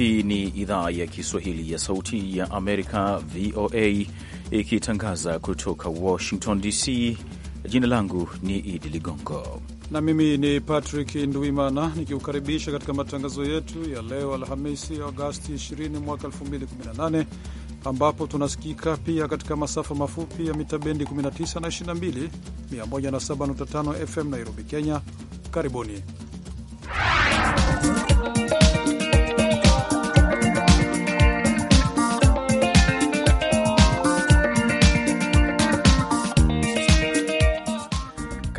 Hii ni idhaa ya Kiswahili ya Sauti ya Amerika, VOA, ikitangaza kutoka Washington DC. Jina langu ni Idi Ligongo na mimi ni Patrick Nduimana nikiukaribisha katika matangazo yetu ya leo Alhamisi, Agosti 20 mwaka 2018 ambapo tunasikika pia katika masafa mafupi ya mita bendi 19 na 22, 107.5 FM Nairobi, Kenya. Karibuni.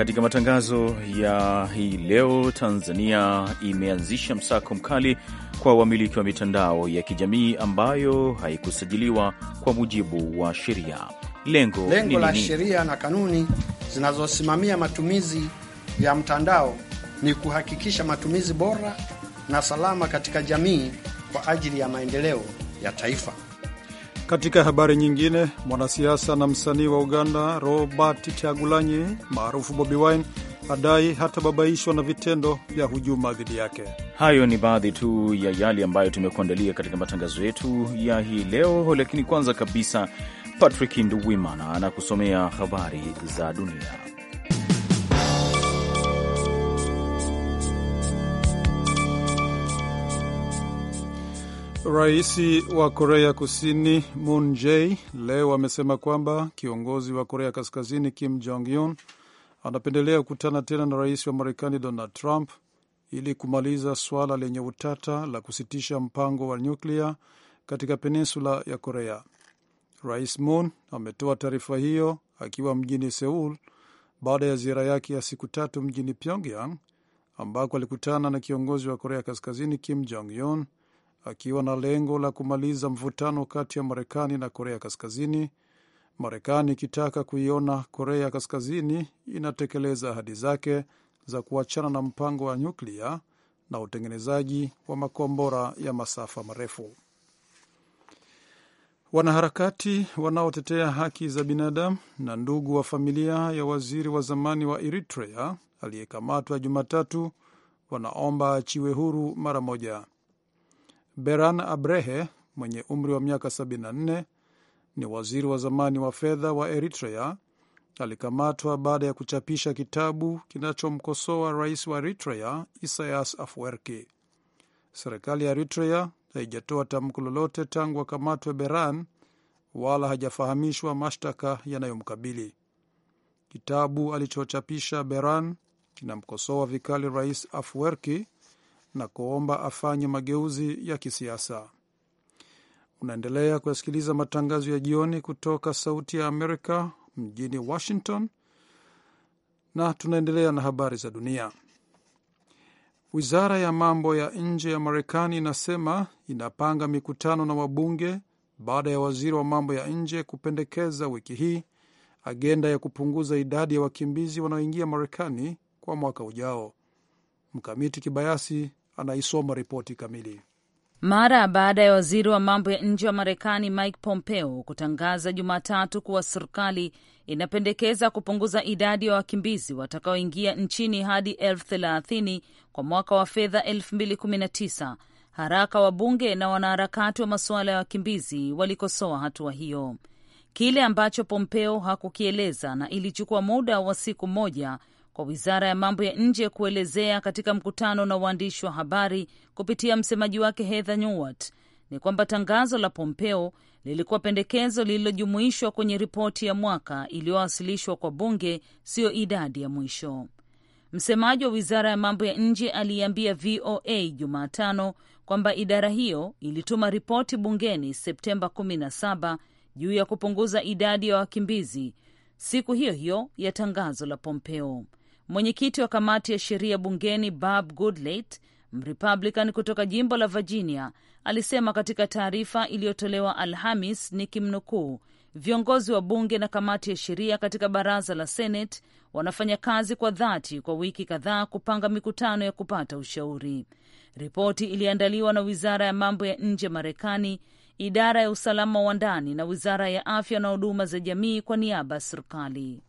Katika matangazo ya hii leo, Tanzania imeanzisha msako mkali kwa wamiliki wa mitandao ya kijamii ambayo haikusajiliwa kwa mujibu wa sheria. Lengo, lengo la sheria na kanuni zinazosimamia matumizi ya mtandao ni kuhakikisha matumizi bora na salama katika jamii kwa ajili ya maendeleo ya taifa. Katika habari nyingine, mwanasiasa na msanii wa Uganda Robert Chagulanyi maarufu Bobi Wine adai hatababaishwa na vitendo vya hujuma dhidi yake. Hayo ni baadhi tu ya yale ambayo tumekuandalia katika matangazo yetu ya hii leo, lakini kwanza kabisa, Patrick Nduwimana anakusomea habari za dunia. Raisi wa Korea Kusini Moon Jae leo amesema kwamba kiongozi wa Korea Kaskazini Kim Jong Un anapendelea kukutana tena na rais wa Marekani Donald Trump ili kumaliza suala lenye utata la kusitisha mpango wa nyuklia katika peninsula ya Korea. Rais Moon ametoa taarifa hiyo akiwa mjini Seul baada ya ziara yake ya siku tatu mjini Pyongyang ambako alikutana na kiongozi wa Korea Kaskazini Kim Jong Un akiwa na lengo la kumaliza mvutano kati ya Marekani na Korea Kaskazini, Marekani ikitaka kuiona Korea Kaskazini inatekeleza ahadi zake za kuachana na mpango wa nyuklia na utengenezaji wa makombora ya masafa marefu. Wanaharakati wanaotetea haki za binadamu na ndugu wa familia ya waziri wa zamani wa Eritrea aliyekamatwa Jumatatu wanaomba achiwe huru mara moja. Beran Abrehe mwenye umri wa miaka 74 ni waziri wa zamani wa fedha wa Eritrea. Alikamatwa baada ya kuchapisha kitabu kinachomkosoa rais wa Eritrea Isaias Afwerki. Serikali ya Eritrea haijatoa tamko lolote tangu akamatwe Beran, wala hajafahamishwa mashtaka yanayomkabili. Kitabu alichochapisha Beran kinamkosoa vikali rais Afwerki na kuomba afanye mageuzi ya kisiasa. Unaendelea kuyasikiliza matangazo ya jioni kutoka Sauti ya Amerika mjini Washington, na tunaendelea na habari za dunia. Wizara ya mambo ya nje ya Marekani inasema inapanga mikutano na wabunge baada ya waziri wa mambo ya nje kupendekeza wiki hii agenda ya kupunguza idadi ya wakimbizi wanaoingia Marekani kwa mwaka ujao. Mkamiti Kibayasi anaisoma ripoti kamili. Mara baada ya waziri wa mambo ya nje wa Marekani Mike Pompeo kutangaza Jumatatu kuwa serikali inapendekeza kupunguza idadi ya wa wakimbizi watakaoingia nchini hadi elfu thelathini kwa mwaka wa fedha 2019 haraka, wabunge na wanaharakati wa masuala ya wakimbizi walikosoa hatua wa hiyo. Kile ambacho Pompeo hakukieleza na ilichukua muda wa siku moja kwa wizara ya mambo ya nje kuelezea katika mkutano na waandishi wa habari kupitia msemaji wake Heather Nauert ni kwamba tangazo la Pompeo lilikuwa pendekezo lililojumuishwa kwenye ripoti ya mwaka iliyowasilishwa kwa bunge, siyo idadi ya mwisho. Msemaji wa wizara ya mambo ya nje aliiambia VOA Jumatano kwamba idara hiyo ilituma ripoti bungeni Septemba 17 juu ya kupunguza idadi ya wakimbizi siku hiyo hiyo ya tangazo la Pompeo. Mwenyekiti wa kamati ya sheria bungeni Bob goodlat Mrepublican kutoka jimbo la Virginia, alisema katika taarifa iliyotolewa Alhamis, ni kimnukuu viongozi wa bunge na kamati ya sheria katika baraza la Senate wanafanya kazi kwa dhati kwa wiki kadhaa kupanga mikutano ya kupata ushauri. Ripoti iliandaliwa na wizara ya mambo ya nje Marekani, idara ya usalama wa ndani na wizara ya afya na huduma za jamii kwa niaba ya serikali.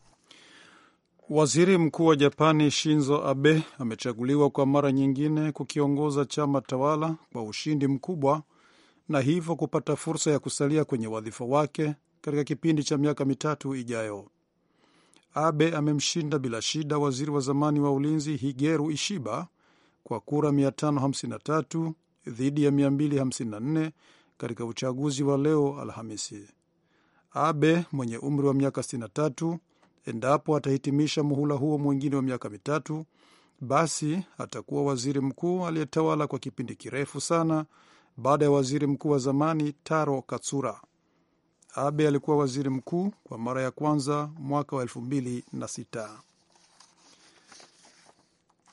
Waziri mkuu wa Japani Shinzo Abe amechaguliwa kwa mara nyingine kukiongoza chama tawala kwa ushindi mkubwa na hivyo kupata fursa ya kusalia kwenye wadhifa wake katika kipindi cha miaka mitatu ijayo. Abe amemshinda bila shida waziri wa zamani wa ulinzi Higeru Ishiba kwa kura 553 dhidi ya 254 katika uchaguzi wa leo Alhamisi. Abe mwenye umri wa miaka 63 Endapo atahitimisha muhula huo mwingine wa miaka mitatu, basi atakuwa waziri mkuu aliyetawala kwa kipindi kirefu sana baada ya waziri mkuu wa zamani Taro Katsura. Abe alikuwa waziri mkuu kwa mara ya kwanza mwaka wa 2006.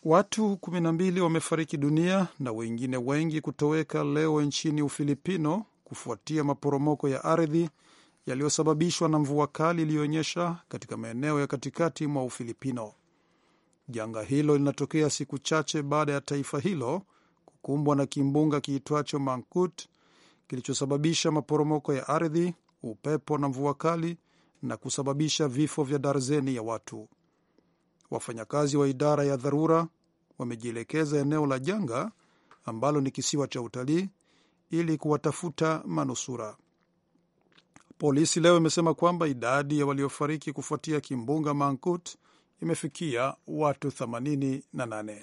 Watu 12 wamefariki dunia na wengine wengi kutoweka leo nchini Ufilipino kufuatia maporomoko ya ardhi yaliyosababishwa na mvua kali iliyoonyesha katika maeneo ya katikati mwa Ufilipino. Janga hilo linatokea siku chache baada ya taifa hilo kukumbwa na kimbunga kiitwacho mankut kilichosababisha maporomoko ya ardhi, upepo na mvua kali na kusababisha vifo vya darzeni ya watu. Wafanyakazi wa idara ya dharura wamejielekeza eneo la janga ambalo ni kisiwa cha utalii ili kuwatafuta manusura. Polisi leo imesema kwamba idadi ya waliofariki kufuatia kimbunga mankut imefikia watu 88.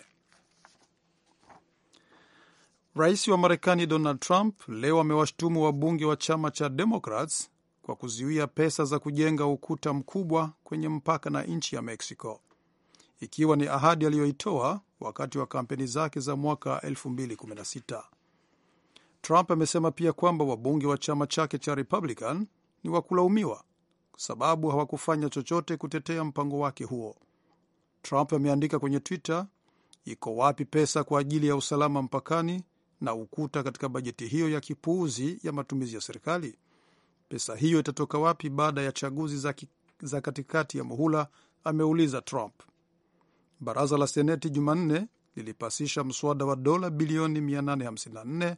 Rais wa Marekani Donald Trump leo amewashtumu wabunge wa chama cha Democrats kwa kuzuia pesa za kujenga ukuta mkubwa kwenye mpaka na nchi ya Mexico, ikiwa ni ahadi aliyoitoa wakati wa kampeni zake za mwaka 2016. Trump amesema pia kwamba wabunge wa chama chake cha Republican ni wa kulaumiwa kwa sababu hawakufanya chochote kutetea mpango wake huo. Trump ameandika kwenye Twitter, iko wapi pesa kwa ajili ya usalama mpakani na ukuta katika bajeti hiyo ya kipuuzi ya matumizi ya serikali? Pesa hiyo itatoka wapi baada ya chaguzi za, ki, za katikati ya muhula? ameuliza Trump. Baraza la Seneti Jumanne lilipasisha mswada wa dola bilioni 854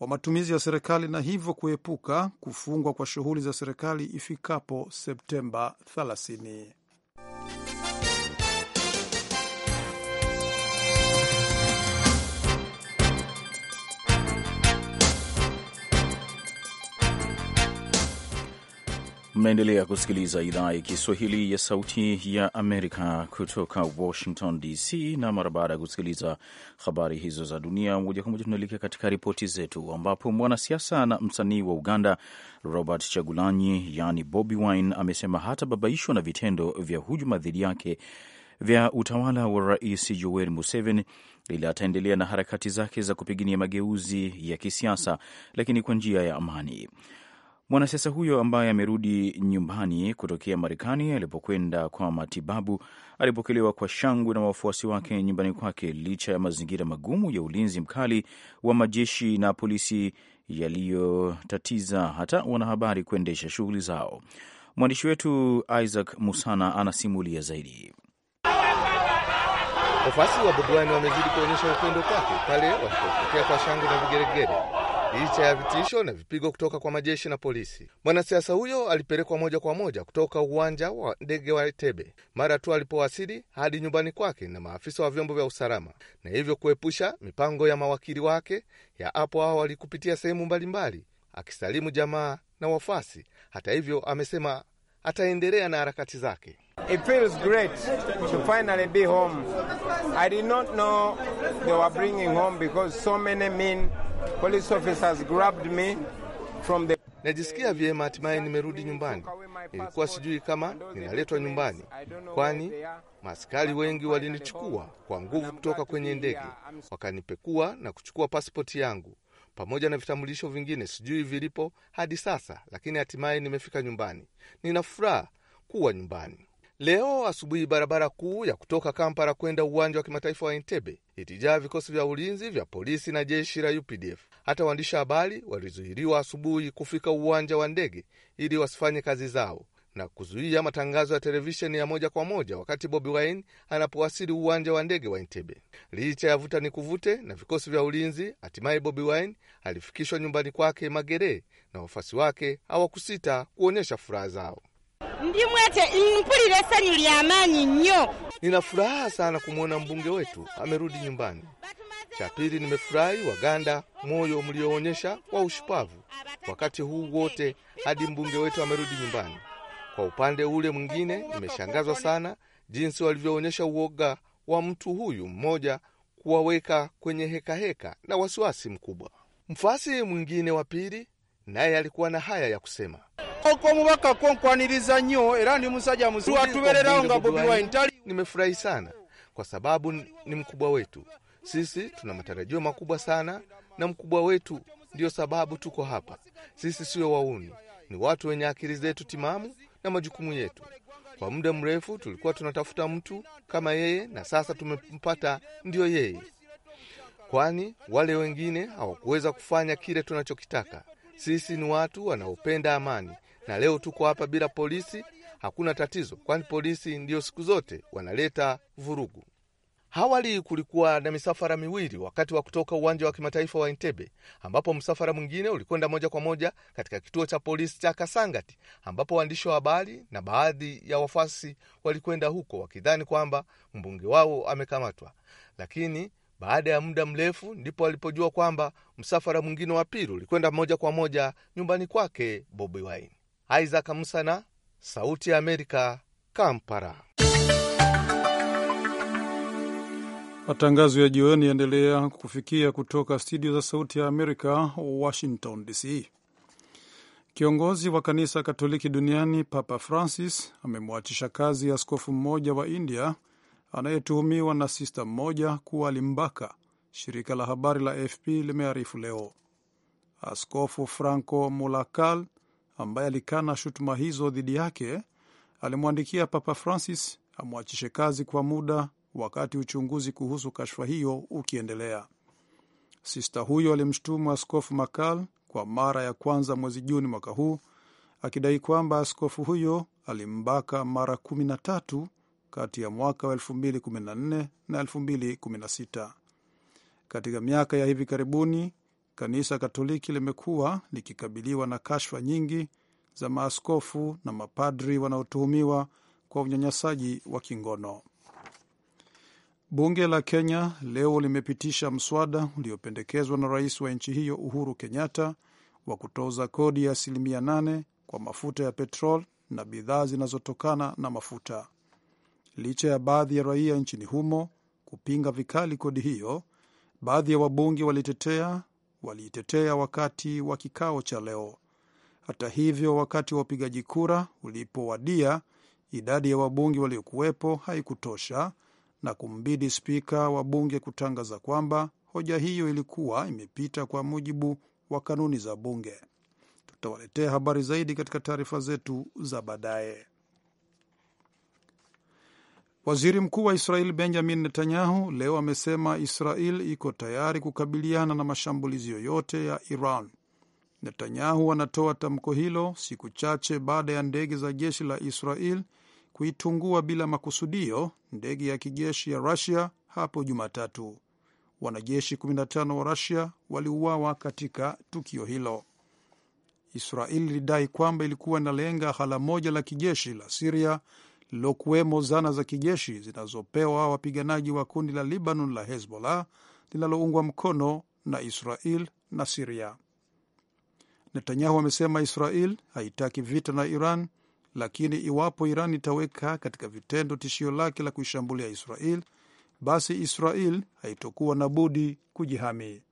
wa matumizi ya serikali na hivyo kuepuka kufungwa kwa shughuli za serikali ifikapo Septemba 30. Mnaendelea kusikiliza idhaa ya Kiswahili ya Sauti ya Amerika kutoka Washington DC, na mara baada ya kusikiliza habari hizo za dunia, moja kwa moja tunaelekea katika ripoti zetu, ambapo mwanasiasa na msanii wa Uganda Robert Chagulanyi yani Bobi Wine amesema hatababaishwa na vitendo vya hujuma dhidi yake vya utawala wa Rais Yoweri Museveni ili ataendelea na harakati zake za kupigania mageuzi ya kisiasa, lakini kwa njia ya amani. Mwanasiasa huyo ambaye amerudi nyumbani kutokea Marekani alipokwenda kwa matibabu alipokelewa kwa shangwe na wafuasi wake nyumbani kwake licha ya mazingira magumu ya ulinzi mkali wa majeshi na polisi yaliyotatiza hata wanahabari kuendesha shughuli zao. Mwandishi wetu Isaac Musana anasimulia zaidi. Wafuasi wa Bobi Wine wamezidi kuonyesha upendo kwake pale walipopokea kwa shangwe na vigeregere licha ya vitisho na vipigo kutoka kwa majeshi na polisi. Mwanasiasa huyo alipelekwa moja kwa moja kutoka uwanja wa ndege wa Entebbe mara tu alipowasili hadi nyumbani kwake na maafisa wa vyombo vya usalama, na hivyo kuepusha mipango ya mawakili wake ya hapo awali kupitia sehemu mbalimbali akisalimu jamaa na wafuasi. Hata hivyo, amesema ataendelea na harakati zake. It feels great to finally be home. I did not know they were bringing home because so many men Police officers grabbed me from the... Najisikia vyema, hatimaye nimerudi nyumbani. Nilikuwa sijui kama ninaletwa nyumbani, kwani maaskari wengi walinichukua kwa nguvu kutoka kwenye ndege, wakanipekua na kuchukua pasipoti yangu pamoja na vitambulisho vingine, sijui vilipo hadi sasa, lakini hatimaye nimefika nyumbani. Nina furaha kuwa nyumbani. Leo asubuhi, barabara kuu ya kutoka Kampala kwenda uwanja wa kimataifa wa Entebbe itijaa vikosi vya ulinzi vya polisi na jeshi la UPDF. Hata waandishi habari walizuiliwa asubuhi kufika uwanja wa ndege ili wasifanye kazi zao na kuzuia matangazo ya televisheni ya moja kwa moja wakati Bobi Wine anapowasili uwanja wa ndege wa Entebbe. Licha ya vuta ni kuvute na vikosi vya ulinzi, hatimaye Bobi Wine alifikishwa nyumbani kwake Magere, na wafuasi wake hawakusita kuonyesha furaha zao. Ndi mwete mpulire sanyu lya amanyi nnyo. Nina furaha sana kumwona mbunge wetu amerudi nyumbani. Cha pili, nimefurahi Waganda moyo mlioonyesha wa ushupavu wakati huu wote hadi mbunge wetu amerudi nyumbani. Kwa upande ule mwingine, nimeshangazwa sana jinsi walivyoonyesha uoga wa mtu huyu mmoja kuwaweka kwenye hekaheka heka na wasiwasi mkubwa. mfasi mwingine wa pili naye alikuwa na haya ya kusema. Omubaka ko nkwaniriza nnyo era ndi musajja muzima nga Bobi Wine Nimefurahi sana kwa sababu ni mkubwa wetu, sisi tuna matarajio makubwa sana na mkubwa wetu, ndiyo sababu tuko hapa. Sisi sio wauni, ni watu wenye akili zetu timamu na majukumu yetu. Kwa muda mrefu tulikuwa tunatafuta mtu kama yeye, na sasa tumempata, ndiyo yeye, kwani wale wengine hawakuweza kufanya kile tunachokitaka. Sisi ni watu wanaopenda amani na leo tuko hapa bila polisi, hakuna tatizo, kwani polisi ndiyo siku zote wanaleta vurugu. Awali kulikuwa na misafara miwili wakati wa kutoka uwanja wa kimataifa wa Entebbe, ambapo msafara mwingine ulikwenda moja kwa moja katika kituo cha polisi cha Kasangati, ambapo waandishi wa habari na baadhi ya wafuasi walikwenda huko wakidhani kwamba mbunge wao amekamatwa, lakini baada ya muda mrefu ndipo walipojua kwamba msafara mwingine wa pili ulikwenda moja kwa moja nyumbani kwake Bobi Wine. Isaac Musana, Sauti ya Amerika, Kampala. Matangazo ya jioni yaendelea kufikia kutoka studio za Sauti ya Amerika, Washington DC. Kiongozi wa kanisa Katoliki duniani Papa Francis amemwachisha kazi askofu mmoja wa India anayetuhumiwa na sista mmoja kuwa alimbaka, shirika la habari la AFP limearifu leo. Askofu Franco Mulakal ambaye alikana shutuma hizo dhidi yake alimwandikia Papa Francis amwachishe kazi kwa muda wakati uchunguzi kuhusu kashfa hiyo ukiendelea. Sista huyo alimshutumu Askofu Makal kwa mara ya kwanza mwezi Juni mwaka huu akidai kwamba askofu huyo alimbaka mara 13 kati ya mwaka wa 2014 na 2016. Katika miaka ya hivi karibuni Kanisa Katoliki limekuwa likikabiliwa na kashfa nyingi za maaskofu na mapadri wanaotuhumiwa kwa unyanyasaji wa kingono. Bunge la Kenya leo limepitisha mswada uliopendekezwa na rais wa nchi hiyo Uhuru Kenyatta wa kutoza kodi ya asilimia nane kwa mafuta ya petrol na bidhaa zinazotokana na mafuta. Licha ya baadhi ya raia nchini humo kupinga vikali kodi hiyo, baadhi ya wabunge walitetea waliitetea wakati wa kikao cha leo. Hata hivyo, wakati wa upigaji kura ulipowadia, idadi ya wabunge waliokuwepo haikutosha na kumbidi spika wa bunge kutangaza kwamba hoja hiyo ilikuwa imepita kwa mujibu wa kanuni za bunge. Tutawaletea habari zaidi katika taarifa zetu za baadaye. Waziri mkuu wa Israel Benjamin Netanyahu leo amesema Israel iko tayari kukabiliana na mashambulizi yoyote ya Iran. Netanyahu anatoa tamko hilo siku chache baada ya ndege za jeshi la Israel kuitungua bila makusudio ndege ya kijeshi ya Rusia hapo Jumatatu. Wanajeshi 15 wa Rusia waliuawa katika tukio hilo. Israel ilidai kwamba ilikuwa inalenga hala moja la kijeshi la Siria lililokuwemo zana za kijeshi zinazopewa wapiganaji wa kundi la Libanon la Hezbollah linaloungwa mkono na Israel na Siria. Netanyahu amesema Israel haitaki vita na Iran, lakini iwapo Iran itaweka katika vitendo tishio lake la kuishambulia Israel, basi Israel haitokuwa na budi kujihami.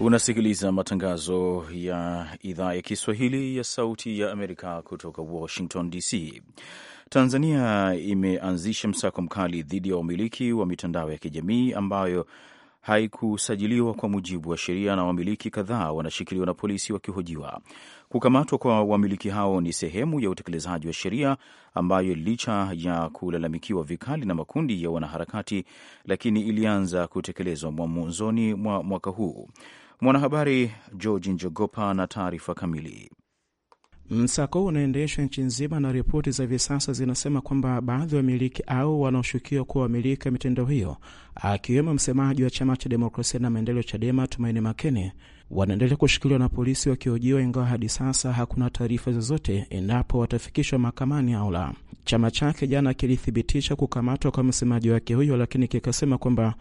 Unasikiliza matangazo ya idhaa ya Kiswahili ya Sauti ya Amerika kutoka Washington DC. Tanzania imeanzisha msako mkali dhidi ya wamiliki wa mitandao ya kijamii ambayo haikusajiliwa kwa mujibu wa sheria, na wamiliki kadhaa wanashikiliwa na polisi wakihojiwa. Kukamatwa kwa wamiliki hao ni sehemu ya utekelezaji wa sheria ambayo licha ya kulalamikiwa vikali na makundi ya wanaharakati, lakini ilianza kutekelezwa mwanzoni mwa mwaka huu. Mwanahabari George Njogopa na taarifa kamili. Msako unaendeshwa nchi nzima na ripoti za hivi sasa zinasema kwamba baadhi ya wamiliki au wanaoshukiwa kuwa wamiliki wa mitendo hiyo, akiwemo msemaji wa chama cha demokrasia na maendeleo CHADEMA Tumaini Makene, wanaendelea kushikiliwa na polisi wakihojiwa, ingawa hadi sasa hakuna taarifa zozote endapo watafikishwa mahakamani au la. Chama chake jana kilithibitisha kukamatwa kwa msemaji wake huyo, lakini kikasema kwamba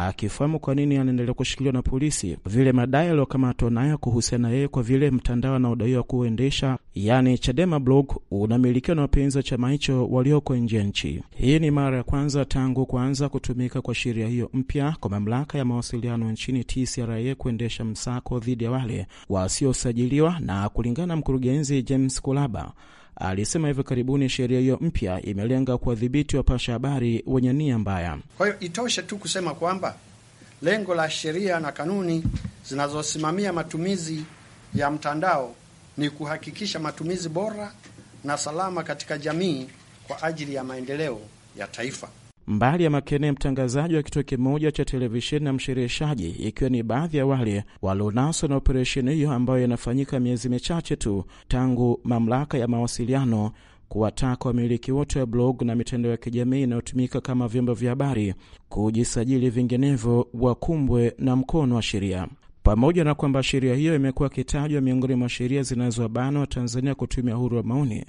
akifahamu kwa nini anaendelea kushikiliwa na polisi, vile madai aliyokamatwa nayo kuhusiana yeye, kwa vile mtandao anaodaiwa kuendesha yani Chadema blog unamilikiwa na wapenzi wa chama hicho walioko nje ya nchi. Hii ni mara ya kwanza tangu kuanza kutumika kwa sheria hiyo mpya kwa mamlaka ya mawasiliano nchini TCRA kuendesha msako dhidi ya wale wasiosajiliwa, na kulingana na mkurugenzi James Kulaba alisema hivi karibuni sheria hiyo mpya imelenga kuwadhibiti wapasha habari wenye nia mbaya. Kwa hiyo itoshe tu kusema kwamba lengo la sheria na kanuni zinazosimamia matumizi ya mtandao ni kuhakikisha matumizi bora na salama katika jamii kwa ajili ya maendeleo ya taifa. Mbali ya Makene, mtangazaji wa kituo kimoja cha televisheni na mshereheshaji, ikiwa ni baadhi ya wale walionaswa na operesheni hiyo ambayo inafanyika miezi michache tu tangu mamlaka ya mawasiliano kuwataka wamiliki wote wa blog na mitandao ya kijamii inayotumika kama vyombo vya habari kujisajili, vinginevyo wakumbwe na mkono wa sheria. Pamoja na kwamba sheria hiyo imekuwa ikitajwa miongoni mwa sheria zinazobana wa Tanzania kutumia uhuru wa maoni,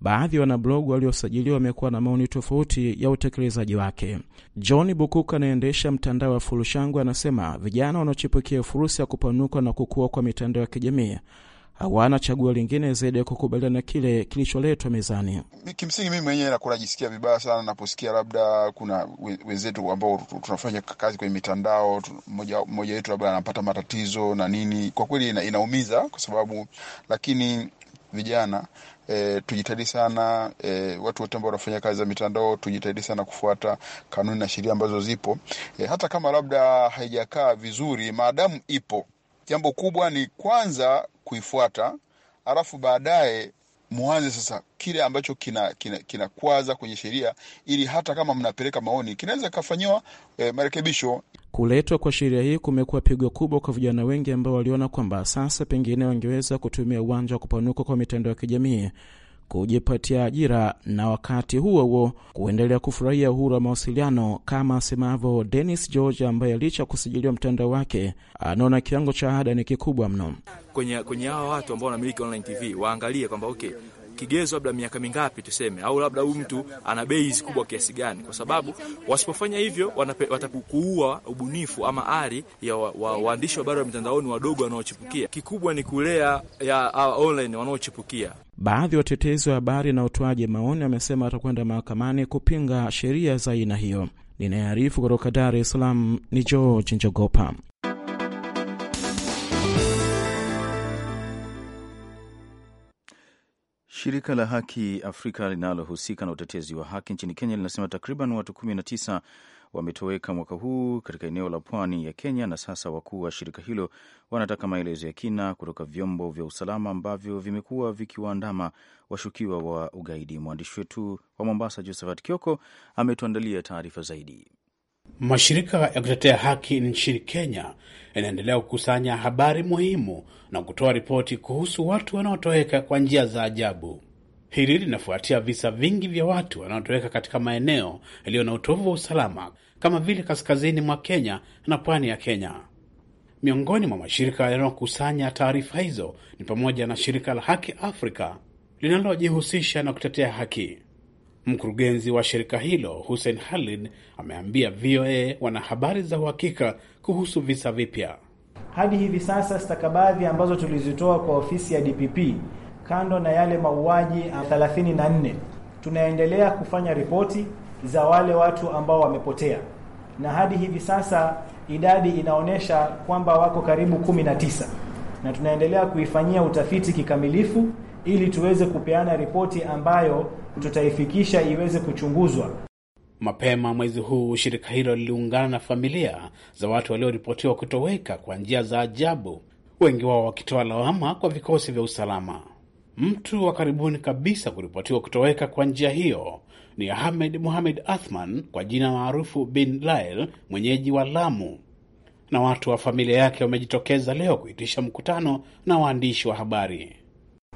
Baadhi ya wanablogu waliosajiliwa wamekuwa na maoni tofauti ya utekelezaji wake. John Bukuka anaendesha mtandao wa Furushangu anasema vijana wanaochipukia fursa ya kupanuka na kukua kwa mitandao ya kijamii hawana chaguo lingine zaidi ya kukubaliana na kile kilicholetwa mezani. Kimsingi mimi mwenyewe nakuwa vibaya sana naposikia labda kuna wenzetu ambao tunafanya kazi kwenye mitandao, mmoja wetu labda anapata matatizo na nini. Kwa kweli ina, inaumiza kwa sababu, lakini vijana e, tujitahidi sana e, watu wote ambao wanafanya kazi za mitandao tujitahidi sana kufuata kanuni na sheria ambazo zipo e, hata kama labda haijakaa vizuri, maadamu ipo. Jambo kubwa ni kwanza kuifuata, alafu baadaye mwanze sasa kile ambacho kinakwaza kina, kina kwenye sheria, ili hata kama mnapeleka maoni kinaweza kafanyiwa e, marekebisho Kuletwa kwa sheria hii kumekuwa pigo kubwa kwa vijana wengi ambao waliona kwamba sasa pengine wangeweza kutumia uwanja wa kupanuka kwa mitandao ya kijamii kujipatia ajira na wakati huo huo kuendelea kufurahia uhuru wa mawasiliano, kama asemavyo Dennis George ambaye licha ya kusajiliwa mtandao wake anaona kiwango cha ada ni kikubwa mno. Kwenye hawa watu ambao wanamiliki online TV waangalie kwamba okay, kigezo labda miaka mingapi tuseme, au labda huyu mtu ana base kubwa kiasi gani, kwa sababu wasipofanya hivyo watakuua ubunifu ama ari ya waandishi wa, wa, wa habari wa mitandaoni wadogo wanaochipukia. Kikubwa ni kulea ya uh, online wanaochipukia. Baadhi ya watetezi wa habari na utoaji maoni wamesema watakwenda mahakamani kupinga sheria za aina hiyo. Ninayearifu kutoka Dar es Salaam ni George Njogopa. Shirika la Haki Afrika linalohusika na utetezi wa haki nchini Kenya linasema takriban watu 19 wametoweka mwaka huu katika eneo la pwani ya Kenya, na sasa wakuu wa shirika hilo wanataka maelezo ya kina kutoka vyombo vya usalama ambavyo vimekuwa vikiwaandama washukiwa wa ugaidi. Mwandishi wetu wa Mombasa, Josephat Kioko, ametuandalia taarifa zaidi. Mashirika ya kutetea haki nchini Kenya yanaendelea kukusanya habari muhimu na kutoa ripoti kuhusu watu wanaotoweka kwa njia za ajabu. Hili linafuatia visa vingi vya watu wanaotoweka katika maeneo yaliyo na utovu wa usalama kama vile kaskazini mwa Kenya na pwani ya Kenya. Miongoni mwa mashirika yanayokusanya taarifa hizo ni pamoja na shirika la Haki Afrika linalojihusisha na kutetea haki. Mkurugenzi wa shirika hilo Hussein halid ameambia VOA wana habari za uhakika kuhusu visa vipya. Hadi hivi sasa stakabadhi ambazo tulizitoa kwa ofisi ya DPP, kando na yale mauaji 34, tunaendelea kufanya ripoti za wale watu ambao wamepotea, na hadi hivi sasa idadi inaonyesha kwamba wako karibu 19 na tunaendelea kuifanyia utafiti kikamilifu ili tuweze kupeana ripoti ambayo tutaifikisha iweze kuchunguzwa. Mapema mwezi huu shirika hilo liliungana na familia za watu walioripotiwa kutoweka kwa njia za ajabu, wengi wao wakitoa lawama kwa vikosi vya usalama. Mtu wa karibuni kabisa kuripotiwa kutoweka kwa njia hiyo ni Ahmed Muhamed Athman kwa jina maarufu Bin Lael, mwenyeji wa Lamu, na watu wa familia yake wamejitokeza leo kuitisha mkutano na waandishi wa habari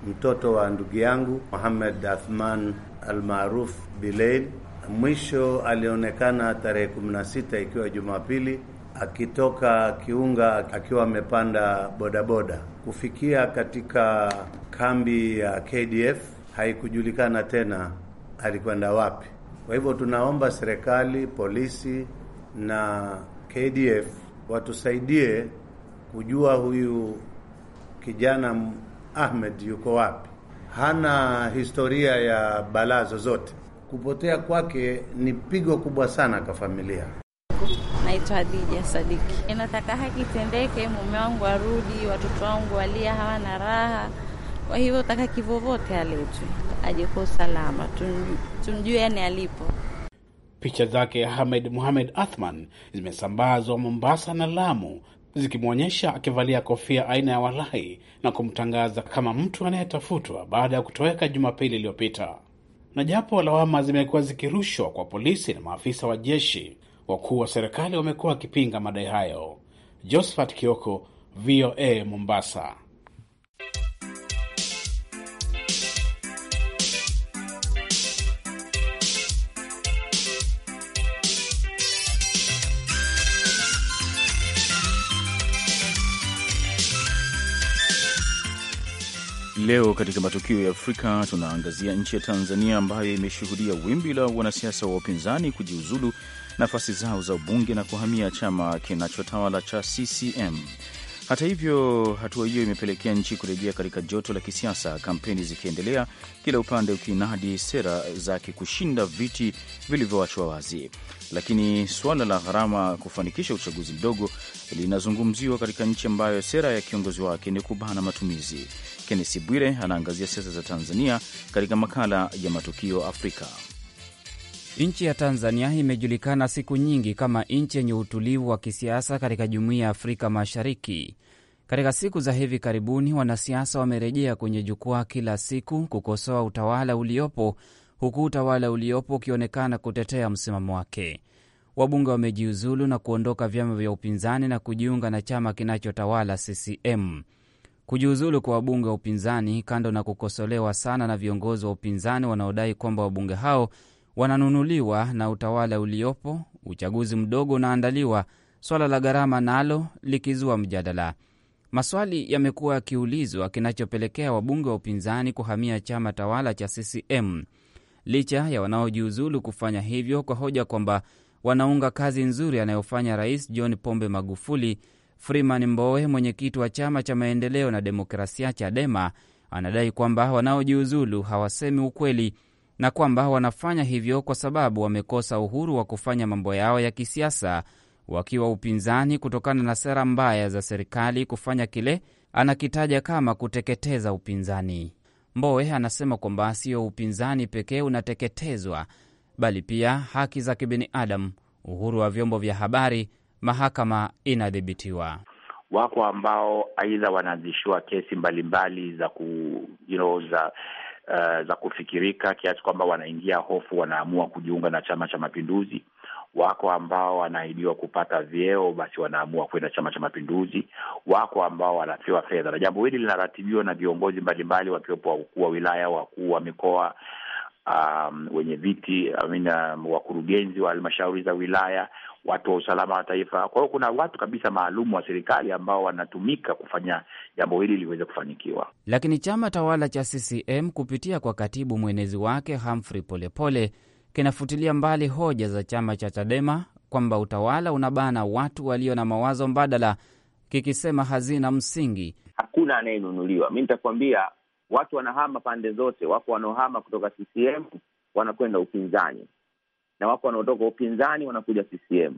mtoto wa ndugu yangu Muhammad Athman almaruf Bileil. Mwisho alionekana tarehe 16 ikiwa Jumapili akitoka Kiunga akiwa amepanda bodaboda. Kufikia katika kambi ya KDF haikujulikana tena alikwenda wapi. Kwa hivyo tunaomba serikali, polisi na KDF watusaidie kujua huyu kijana Ahmed yuko wapi? Hana historia ya balaa zozote. Kupotea kwake ni pigo kubwa sana kwa familia. Naitwa Hadija Sadiki. Nataka haki tendeke mume wangu arudi, watoto wangu walia, hawana raha. Kwa hivyo taka kivovote aletwe, aje kwa usalama, tumjue yani alipo. Picha zake Ahmed Muhamed Athman zimesambazwa Mombasa na Lamu zikimwonyesha akivalia kofia aina ya walahi na kumtangaza kama mtu anayetafutwa baada ya kutoweka Jumapili iliyopita. Na japo lawama zimekuwa zikirushwa kwa polisi na maafisa wa jeshi, wakuu wa serikali wamekuwa wakipinga madai hayo. Josephat Kioko, VOA, Mombasa. Leo katika matukio ya Afrika tunaangazia nchi ya Tanzania ambayo imeshuhudia wimbi la wanasiasa wa upinzani kujiuzulu nafasi zao za ubunge na kuhamia chama kinachotawala cha CCM. Hata hivyo, hatua hiyo imepelekea nchi kurejea katika joto la kisiasa, kampeni zikiendelea, kila upande ukinadi sera zake kushinda viti vilivyoachwa wazi. Lakini suala la gharama kufanikisha uchaguzi mdogo linazungumziwa katika nchi ambayo sera ya kiongozi wake ni kubana matumizi. Kennesi Bwire anaangazia siasa za Tanzania katika makala ya Matukio Afrika. Nchi ya Tanzania imejulikana siku nyingi kama nchi yenye utulivu wa kisiasa katika jumuiya ya Afrika Mashariki. Katika siku za hivi karibuni, wanasiasa wamerejea kwenye jukwaa kila siku kukosoa utawala uliopo, huku utawala uliopo ukionekana kutetea msimamo wake wabunge wamejiuzulu na kuondoka vyama vya upinzani na kujiunga na chama kinachotawala CCM. Kujiuzulu kwa wabunge wa upinzani, kando na kukosolewa sana na viongozi wa upinzani wanaodai kwamba wabunge hao wananunuliwa na utawala uliopo, uchaguzi mdogo unaandaliwa, swala la gharama nalo likizua mjadala. Maswali yamekuwa yakiulizwa kinachopelekea wabunge wa upinzani kuhamia chama tawala cha CCM, licha ya wanaojiuzulu kufanya hivyo kwa hoja kwamba wanaunga kazi nzuri anayofanya Rais John Pombe Magufuli. Freeman Mbowe, mwenyekiti wa chama cha maendeleo na demokrasia CHADEMA, anadai kwamba wanaojiuzulu hawasemi ukweli na kwamba wanafanya hivyo kwa sababu wamekosa uhuru wa kufanya mambo yao ya kisiasa wakiwa upinzani, kutokana na sera mbaya za serikali kufanya kile anakitaja kama kuteketeza upinzani. Mbowe anasema kwamba sio upinzani pekee unateketezwa, bali pia haki za kibinadamu, uhuru wa vyombo vya habari, mahakama inadhibitiwa. Wako ambao aidha wanaanzishiwa kesi mbalimbali mbali za ku, you know, za uh, za kufikirika kiasi kwamba wanaingia hofu, wanaamua kujiunga na Chama cha Mapinduzi. Wako ambao wanaahidiwa kupata vyeo, basi wanaamua kwenda Chama cha Mapinduzi. Wako ambao wanapewa fedha, na jambo hili linaratibiwa na viongozi mbalimbali, wakiwepo wakuu wa wilaya, wakuu wa mikoa um, wenye viti I mean, um, wakurugenzi wa halmashauri za wilaya, watu wa usalama wa taifa. Kwa hiyo kuna watu kabisa maalum wa serikali ambao wanatumika kufanya jambo hili liweze kufanikiwa. Lakini chama tawala cha CCM kupitia kwa katibu mwenezi wake Humphrey Polepole kinafutilia mbali hoja za chama cha Chadema kwamba utawala unabana watu walio na mawazo mbadala, kikisema hazina msingi. Hakuna anayenunuliwa. Mi nitakuambia watu wanahama pande zote. Wako wanaohama kutoka CCM wanakwenda upinzani, na wako wanaotoka upinzani wanakuja CCM.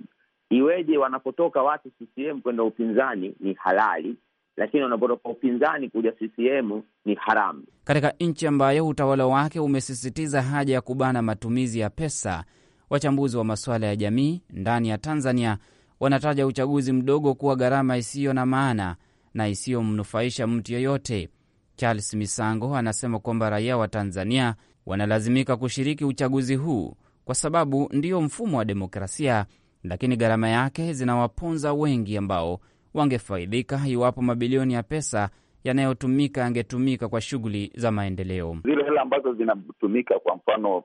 Iweje wanapotoka watu CCM kwenda upinzani ni halali, lakini wanapotoka upinzani kuja CCM ni haramu? Katika nchi ambayo utawala wake umesisitiza haja ya kubana matumizi ya pesa, wachambuzi wa masuala ya jamii ndani ya Tanzania wanataja uchaguzi mdogo kuwa gharama isiyo na maana na isiyomnufaisha mtu yoyote Charles Misango anasema kwamba raia wa Tanzania wanalazimika kushiriki uchaguzi huu kwa sababu ndiyo mfumo wa demokrasia, lakini gharama yake zinawaponza wengi ambao wangefaidika iwapo mabilioni ya pesa yanayotumika yangetumika kwa shughuli za maendeleo. Zile hela ambazo zinatumika, kwa mfano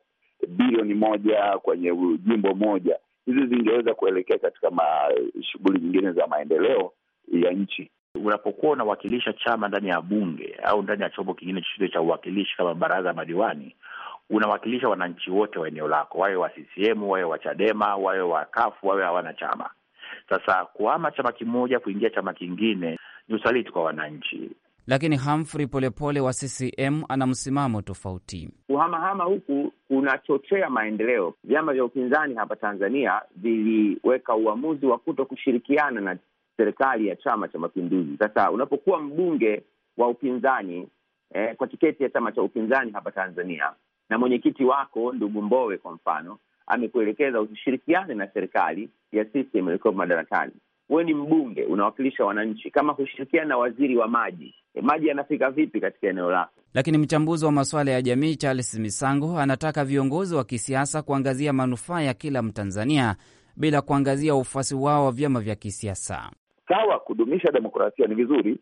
bilioni moja kwenye jimbo moja, hizi zingeweza kuelekea katika shughuli nyingine za maendeleo ya nchi. Unapokuwa unawakilisha chama ndani ya bunge au ndani ya chombo kingine chochote cha uwakilishi kama baraza madiwani, unawakilisha wananchi wote wa eneo lako, wawe wa CCM, wawe wa Chadema, wawe wa kafu, wawe hawana chama. Sasa kuhama chama kimoja kuingia chama kingine ni usaliti kwa wananchi. Lakini Humphrey Polepole wa CCM ana msimamo tofauti. Kuhamahama huku kunachochea maendeleo. Vyama vya upinzani hapa Tanzania viliweka uamuzi wa kuto kushirikiana na serikali ya Chama cha Mapinduzi. Sasa unapokuwa mbunge wa upinzani eh, kwa tiketi ya chama cha upinzani hapa Tanzania, na mwenyekiti wako ndugu Mbowe kwa mfano amekuelekeza usishirikiane na serikali ya sstem iliyokuwa madarakani, wewe ni mbunge unawakilisha wananchi, kama hushirikiana na waziri wa maji e, maji yanafika vipi katika eneo lako? Lakini mchambuzi wa masuala ya jamii Charles Misango anataka viongozi wa kisiasa kuangazia manufaa ya kila Mtanzania bila kuangazia ufuasi wao wa vyama vya kisiasa. Sawa, kudumisha demokrasia ni vizuri,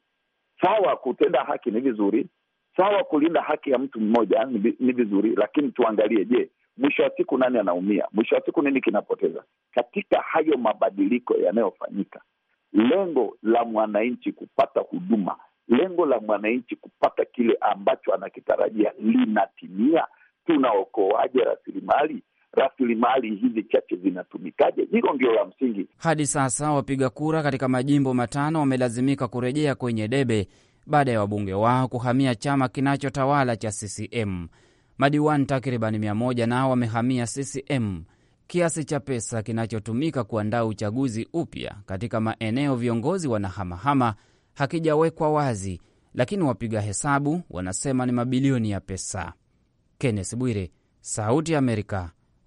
sawa, kutenda haki ni vizuri, sawa, kulinda haki ya mtu mmoja ni vizuri, lakini tuangalie, je, mwisho wa siku nani anaumia? Mwisho wa siku nini kinapoteza katika hayo mabadiliko yanayofanyika? Lengo la mwananchi kupata huduma, lengo la mwananchi kupata kile ambacho anakitarajia linatimia? Tunaokoaje rasilimali? rasilimali hizi chache zinatumikaje? Hilo ndio la msingi. Hadi sasa wapiga kura katika majimbo matano wamelazimika kurejea kwenye debe baada ya wabunge wao kuhamia chama kinachotawala cha CCM. Madiwani takribani mia moja nao wamehamia CCM. Kiasi cha pesa kinachotumika kuandaa uchaguzi upya katika maeneo viongozi wanahamahama hakijawekwa wazi, lakini wapiga hesabu wanasema ni mabilioni ya pesa. Kenneth Bwire, Sauti ya Amerika,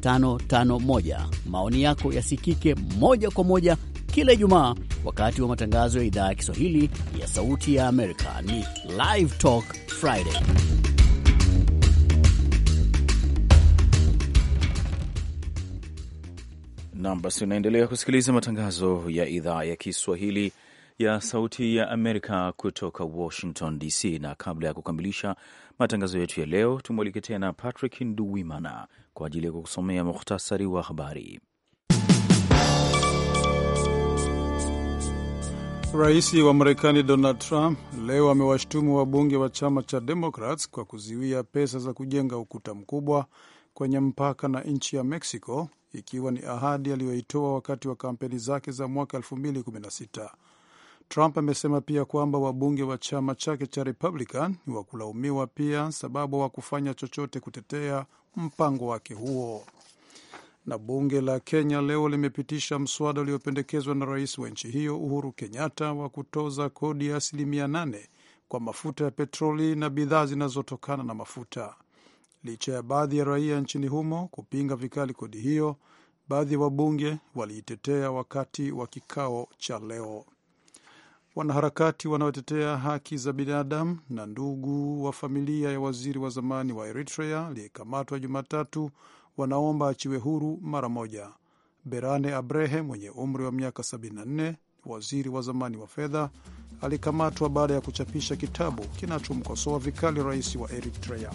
551. Maoni yako yasikike moja kwa moja kila Ijumaa wakati wa matangazo ya idhaa ya Kiswahili ya Sauti ya Amerika. Ni Live Talk Friday. Nam, basi unaendelea kusikiliza matangazo ya idhaa ya Kiswahili ya Sauti ya Amerika kutoka Washington DC, na kabla ya kukamilisha matangazo yetu ya leo, tumwalike tena Patrick Nduwimana kwa ajili ya kukusomea muhtasari wa habari. Rais wa Marekani Donald Trump leo amewashtumu wabunge wa chama cha Democrats kwa kuziwia pesa za kujenga ukuta mkubwa kwenye mpaka na nchi ya Mexico, ikiwa ni ahadi aliyoitoa wakati wa kampeni zake za mwaka Trump amesema pia kwamba wabunge wa chama chake cha Republican ni wa kulaumiwa pia sababu kufanya chochote kutetea mpango wake huo. Na bunge la Kenya leo limepitisha mswada uliopendekezwa na rais wa nchi hiyo Uhuru Kenyatta wa kutoza kodi ya asilimia nane kwa mafuta ya petroli na bidhaa zinazotokana na mafuta. Licha ya baadhi ya raia nchini humo kupinga vikali kodi hiyo, baadhi ya wabunge waliitetea wakati wa kikao cha leo wanaharakati wanaotetea haki za binadamu na ndugu wa familia ya waziri wa zamani wa Eritrea aliyekamatwa Jumatatu wanaomba achiwe huru mara moja. Berane Abrehe mwenye umri wa miaka 74, waziri wa zamani wa fedha, alikamatwa baada ya kuchapisha kitabu kinachomkosoa vikali rais wa Eritrea.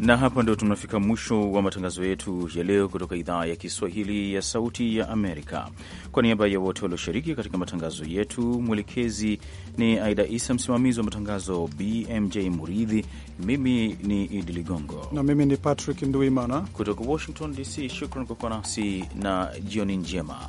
Na hapa ndio tunafika mwisho wa matangazo yetu ya leo kutoka idhaa ya Kiswahili ya Sauti ya Amerika. Kwa niaba ya wote walioshiriki katika matangazo yetu, mwelekezi ni Aida Isa, msimamizi wa matangazo BMJ Muridhi, mimi ni Idi Ligongo na mimi ni Patrick Nduimana kutoka Washington DC. Shukran kwa kuwa nasi na jioni njema.